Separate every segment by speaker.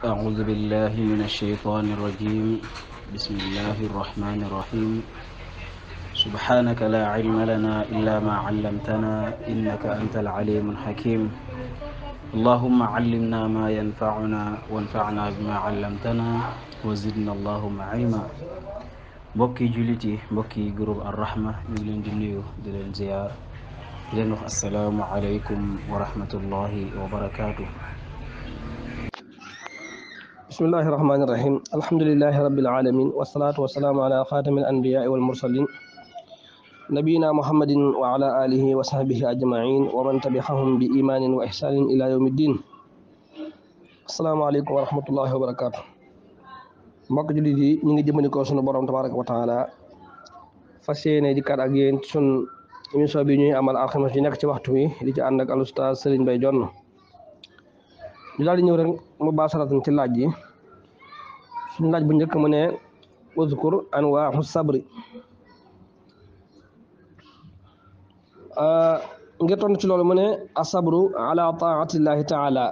Speaker 1: أعوذ بالله من الشيطان الرجيم بسم الله الرحمن الرحيم سبحانك لا علم لنا إلا ما علمتنا إنك أنت العليم الحكيم اللهم علمنا ما ينفعنا وانفعنا بما علمتنا وزدنا اللهم علما بكي جلتي بكي جروب الرحمة Ar-Rahma ñu ngi السلام عليكم ورحمة الله وبركاته
Speaker 2: Bismillahirrahmanirrahim. rahmani alamin wassalatu wassalamu ala khatamil anbiya'i wal mursalin nabiyina muhammadin wa ala alihi wa sahbihi ajma'in wa man tabi'ahum bi imanin wa ihsanin ila yaumiddin assalamu alaikum wa rahmatullahi wa barakatuh mbokk jullit yi ñu ngi sunu borom tabarak wa taala fas yéene dikkaat ak yéen sun émission bi ñuy amal alxames yi nekk ci waxtu wi di ci ànd ak al ustaz Serigne Mbaye Dione ñu daal di ñëw rek mu baasaratan suñu laaj bu njëkk mu ne uzkur anwaaxu sabri ngir tontu ci loolu mu ne asabru ala taatillahi taala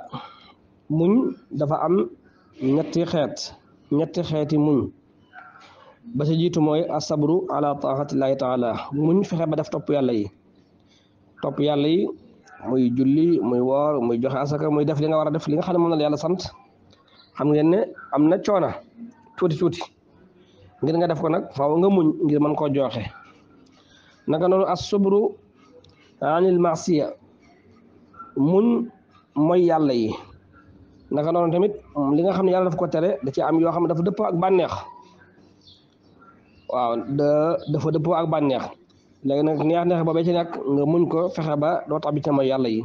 Speaker 2: muñ dafa am ñetti xeet ñetti xeeti muñ ba ci jiitu mooy asabru ala taatillahi taala muñ fexe ba def topp yàlla yi topp yàlla yi muy julli muy woor muy joxe asaka muy def li nga war a def li nga xam ne moom la yàlla sant xam ngeen ne am na coona tuti tuti ngir nga def ko nak faaw nga muñ ngir man ko joxe naka noonu as subru anil masiya muñ moy yalla yi naka noonu tamit li nga xam yalla daf ko téré da ci am yo xam dafa depp ak banex waaw da dafa depp ak banex léegi nak neex neex bobé ci nak nga muñ ko fexé ba do tabbi ci moy yalla yi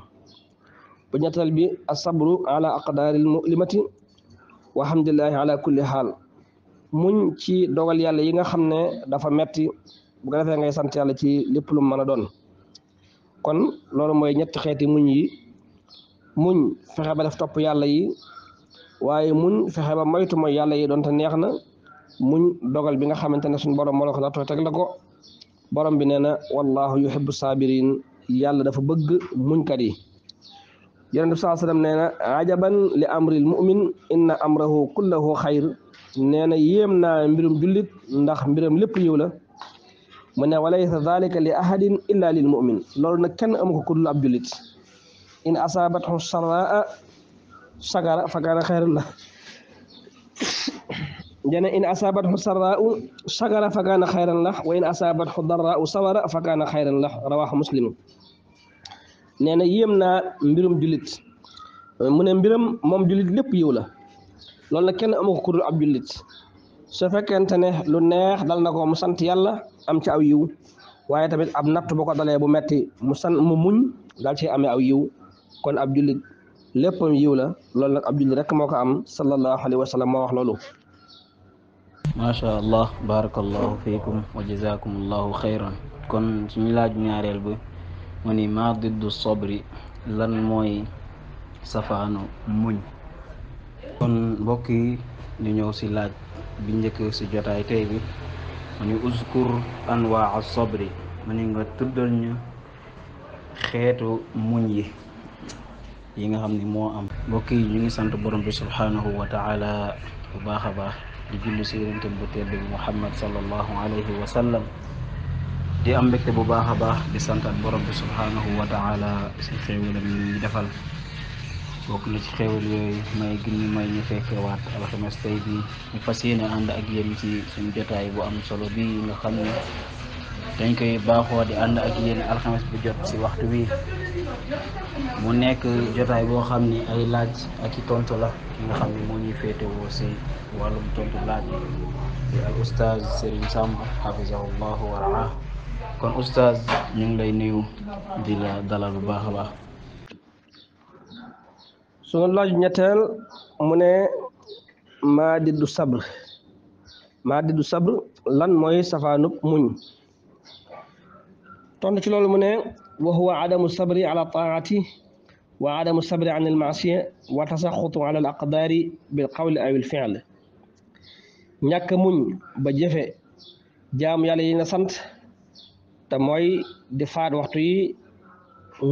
Speaker 2: bu ñettal bi as sabru ala aqdaril mulimati wa hamdulillahi ala kulli hal. muñ ci dogal yàlla yi nga xamne dafa metti bu ko defé ngay sant yàlla ci lépp lu mëna a doon kon lolu moy ñett xeeti muñ yi muñ fexe ba def top yàlla yi waye muñ fexe ba maytu mooy yàlla yi doonte neex na muñ dogal bi nga xamantene suñu borom mo la ko daatoo teg la ko borom bi neena wallahu yuhibbu sabirin yàlla dafa bëgg muñ kat yi yonent bi saa sallam nee na ajaban li amril mumin inna amrahu kulluhu khair نانا يمنا مبرم جلد ندخ مبرم لب يولا من وليس ذلك لأحد إلا للمؤمن لورنا كان أمك كل عبد جلد إن أصابته سراء سقر فكان خير الله جنا إن أصابته سراء سقر فكان خير الله وإن أصابته ضراء سوراء فكان خير الله رواه مسلم نانا يمنا مبرم جلد من مبرم مم جلد لب يولا loolu na kenn amu ko kudul ab jullit su fekkente ne lu neex dal na ko mu sant yàlla am ci aw yiw waaye tamit ab natt boo ko dalee bu metti mu san mu muñ daal ci amee aw yiw kon ab jullit léppam yiw la loolu nag ab jullit rek moo ko am sallallahu alayhi wa sallam moo wax loolu
Speaker 1: macha allah barakallahu fiikum wa jazakumullahu xayran kon suñu ñaareel bi mu ni ma diddu sobri lan mooy safaanu muñ kon mbokk yi ñu ñëw si laaj bi njëkk si jotaay tey bi mu ni uskur anwaa sabri mu ni nga tuddal ñu xeetu muñ yi yi nga xam ni moo am mbokk yi ñu ngi sant borom bi subhanahu wa taala bu baax a baax di julli si yonentam bu tedd bi muhammad sallallahu alayhi wa sallam di am mbégte bu baax a baax di santat borom bi subhanahu wa taala si xéewalam yi ñuy defal bokk na ci xéewal yooyu may gi ñu may ñu fekke waat alxames tey bi ñu fas yéene ànd ak yéen ci suñu jotaay boo am solo bi nga xam ne dañ koy baaxoo de ànd ak yéen alxames bu jot ci waxtu wi mu nekk jotaay boo xam ni ay laaj ak i tontu la ki nga xam ne moo ñuy féetewoo ci wàllum tontu laaj yi al oustaz Serigne Samb hafizahullahu wa raah kon oustaz ñu ngi lay nuyu di la
Speaker 2: dalal baax a baax سون الله نيتال مو نه ما دي دو صبر ما دي دو صبر لان موي سفانوب مون تون تي لولو مو نه وهو عدم الصبر على الطاعه وعدم الصبر عن المعصيه وتسخط على الاقدار بالقول او الفعل نياك مون با جيفه جام يالا يينا سانت تا موي دي فات وقتو يي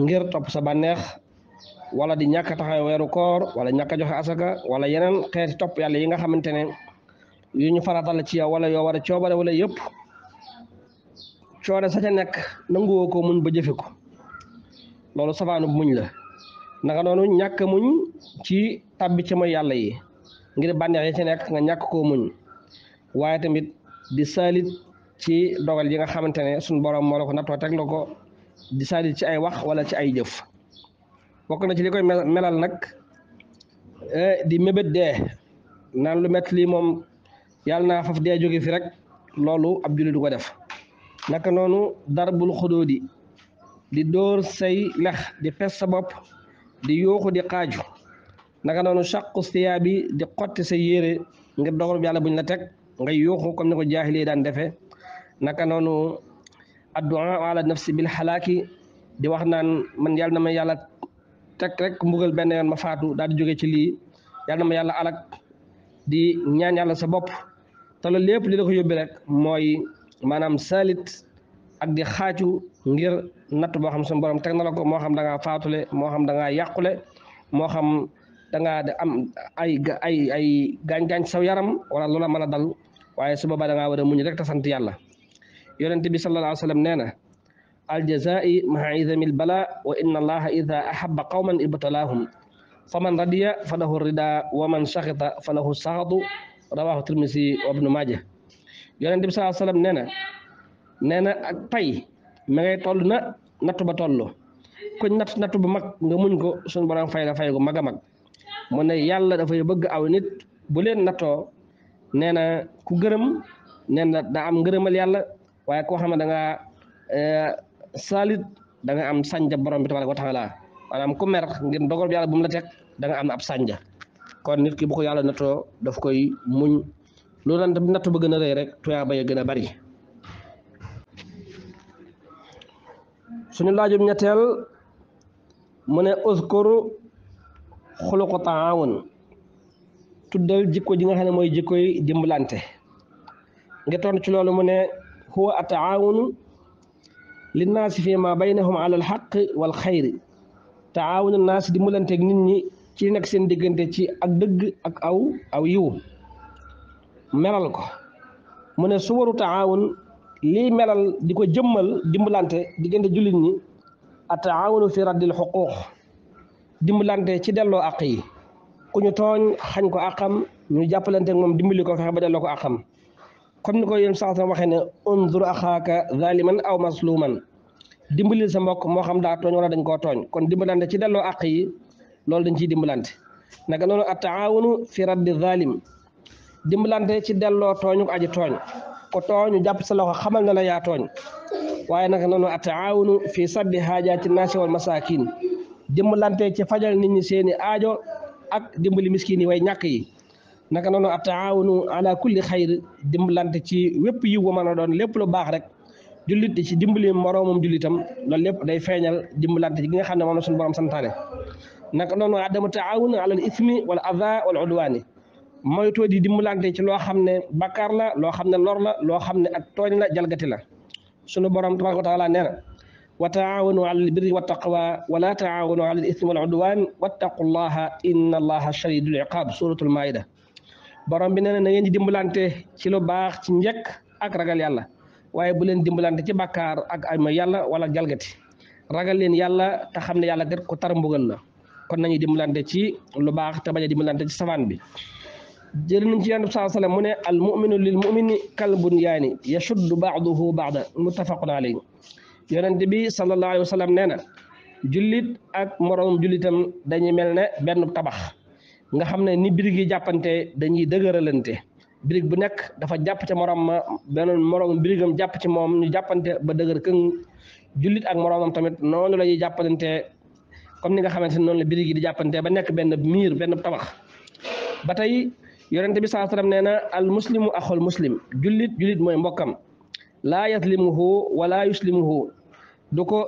Speaker 2: ngir top sa banex wala di ñàkk a koor wala ñàkk a joxe asaka wala yeneen xeeti topp yàlla yi nga xamante ne yu ñu faratal ci yow wala yoo war a coobare wala yëpp coore sa ca nekk nanguwoo ko muñ ba jëfe ko loolu safaanu muñ la naka noonu ñàkk muñ ci tabbi ci mooy yàlla yi ngir bànneex yi ci nekk nga ñàkk ko muñ waaye tamit di saalit ci dogal yi nga xamante ne suñ borom moo ko nattoo teg la ko di saalit ci ay wax wala ci ay jëf bokk na ci li koy melal nag di mébét dee naan lu métti lii moom yàlla naa faf dee jóge fi rek loolu ab jullit du ko def naka noonu darbul xudóodi di dóor say lex di pes sa bopp di yuuxu di xaaju naka noonu sàqu siyaa bi di xotti sa yére ngir dogalub yàlla buñ la teg ngay yuuxu comme ni ko jaahili daan defee naka noonu addu'a ala nafsi bil xalaaki di wax naan man yàlla na ma yàlla teg rek mbugal benn yoon ma juga Chili di jóge ci ma alak di ñaan yàlla sa bopp te loolu lépp li la ko yóbbi rek salit ak di ngir natu baham xam suñu borom teg na la ko moo xam da ngaa faatule moo xam da ngaa yàqule moo xam da ngaa am ay ay ay gaañ-gaañ saw yaram wala loola mën dal waaye su boobaa da ngaa war muñ rek te sant bi sallallahu الجزاء مع عظم البلاء وإن الله إذا أحب قوما ابتلاهم فمن رضي فله الرضا ومن سخط فله السخط رواه الترمذي وابن ماجه yonent bi salaa salaam nee na nee na ak pay ma ngay toll na nattu ba toll kuñ natt nattu bu mag nga muñ ko suñu borom fay la fay gu mag a mag mu ne yàlla dafay bëgg aw nit bu leen nattoo nee na ku gërëm nee na daa am ngërëmal yàlla waaye koo xam ne da ngaa saalit danga am sànja borom bi tabaraka wa taala maanaam ku mer ngir dogal bi yàlla bu mu la teg da nga am ab sànja kon nit ki bu ko yàlla natoo daf koy muñ loolu lan natt ba gën a rëy rek bay ya gën a bari suñu laajum ñetteel mu ne uskuru xuluqu taawun tuddal jikko ji nga xam ne mooy jikkoy dimbalante nga toon ci loolu mu ne li linnaasi fi ma baynahum ala alxaq wal xayri taawun naasi di nit ñi ci nekk seen diggante ci ak dëgg ak aw aw yiw melal ko mu ne suwaru taawun lii melal di ko jëmmal dimbalante diggante jullit ñi a taawunu fi raddil xuquuq dimbalante ci delloo ak yi ku ñu tooñ xañ ko àqam ñu jàppalante moom dimbali ko fexe ba delloo ko àqam comme ni ko yéen sax sa waxee ne unzur axaaka zaliman aw masluman dimbalil sa mbokk moo xam daa tooñ wala dañ koo tooñ kon dimbalante ci delloo àq yi loolu dañ ciy dimbalante naka noonu a taawunu fi raddi zalim dimbalante ci delloo tooñu ko aji tooñ ko tooñu jàpp sa loxo xamal na la yaa tooñ waaye nag noonu a taawunu fi sabbi haajaati naasi wal masaakin dimbalante ci fajal nit ñi seeni aajo ak dimbali miskin way ñàkk yi naka noonu ataawunu ala kulli khair dimbalante ci wépp yi wu mën don lépp lu bax rek julit ci dimbali moromum julitam loolu lépp day feñal dimbalante ci gi nga xamne ne sun borom santane naka noonu adamu ta'awunu ala al ismi wala ada wala udwaani moytoo di dimbalante ci lo xamne bakar la lo xamne lor la lo xamne ak togn la jalgati la sunu borom tabaraka taala neena وتعاونوا على البر والتقوى ولا تعاونوا على الاثم والعدوان واتقوا الله ان الله شديد العقاب سوره المائده borom bi nee na na ngeen di dimbalante ci lu baax ci njëkk ak ragal yàlla waaye bu leen dimbalante ci bàkkaar ak ay yàlla wala jalgati ragal leen yàlla te xam ne yàlla kat ku tar mbugal la kon nañuy dimbalante ci lu baax te bañ dimbalante ci safaan bi jël nañ ci yonent ne sallallahu alayhi wasallam mu ne al muminu baax mumini kal baax yashuddu mu ba'da muttafaqun alayhi yonent bi sallallahu alayhi wasallam nee na jullit ak moroom jullitam dañuy mel ne benn tabax nga xam ne ni birig yi jàppante dañuy dëgëralante birig bu nekk dafa jàpp ca morom ma beneen morom birigam jàpp ci moom ñu jàppante ba dëgër këng jullit ak moromam tamit noonu la ñuy jàppante comme ni nga xamante ne noonu la birig yi di jàppante ba nekk benn miir benn tabax ba tey yonente bi saa sallam nee na al muslimu axul muslim jullit jullit mooy mbokkam laa yaslimuhu wala yuslimuhu du ko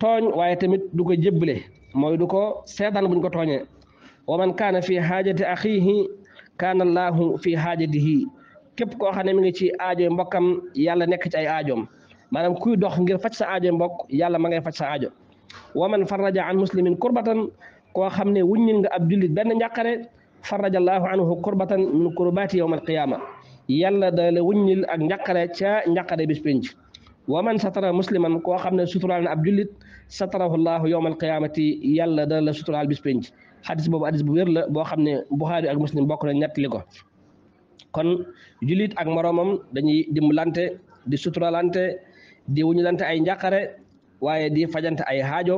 Speaker 2: tooñ waaye tamit du ko jébbale mooy du ko seetaan buñ ko tooñee ومن كان في حاجة أخيه كان الله في حاجته képp koo xam ne mi ngi ci aajo mbokkam yàlla nekk ci ay aajoom maanaam kuy dox ngir faj sa aajo mbokk yàlla ma ngay faj sa aajo wa man faraja an muslimin kurbatan koo xam ne wuññil nga ab jullit benn njàqare faraja allahu anhu kurbatan min kurbaati yawma alqiyama yàlla da la wuññil ak njàqare ca njàqare bis penc wa man satara musliman koo xam ne suturaal na ab jullit satarahu allahu yawma alqiyamati yàlla da la suturaal bis penc xadis boobu xadis bu wér la boo xam ne Buxaari ak Muslim bokk na ñettali ko kon jullit ak moroomam dañuy dimbalante di suturalante di wuñulante ay njàqare waaye di fajante ay aajo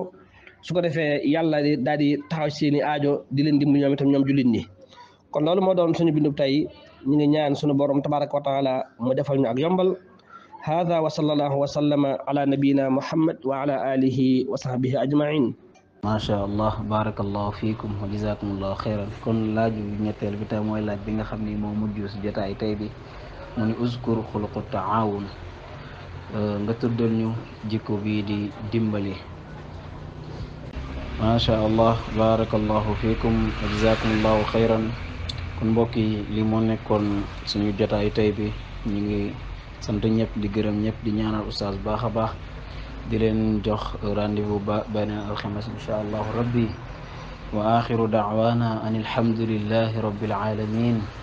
Speaker 2: su ko defee yàlla di daal di taxaw seeni aajo di leen dimbali ñoom itam ñoom jullit ñi kon loolu moo doon suñu bindu tey ñu ngi ñaan suñu borom tabaraka wa taala mu defal ñu ak yombal hada wa sallallahu wa sallama ala nabiyina muhammad wa ala wa sahbihi ajmain
Speaker 1: macha allah barakallahu fiikum wa jazakumullahu xeyran kon laaj bu ñetteel bi mooy laaj bi nga xam ni moo mujj si jotaay tey bi mu ni uskur xuluqu taawun euh, nga tuddal ñu jikko bii di dimbali macha allah barakallahu fiikum wa jazakumullahu xeyran kon mbokk yi li moo nekkoon suñu jotaay tey bi ñu ngi sant ñëpp di gërëm ñëpp di ñaanal oustaz baax a baax دلنا جخ رانديو بنا الخمس إن شاء الله ربي وآخر دعوانا أن الحمد لله رب العالمين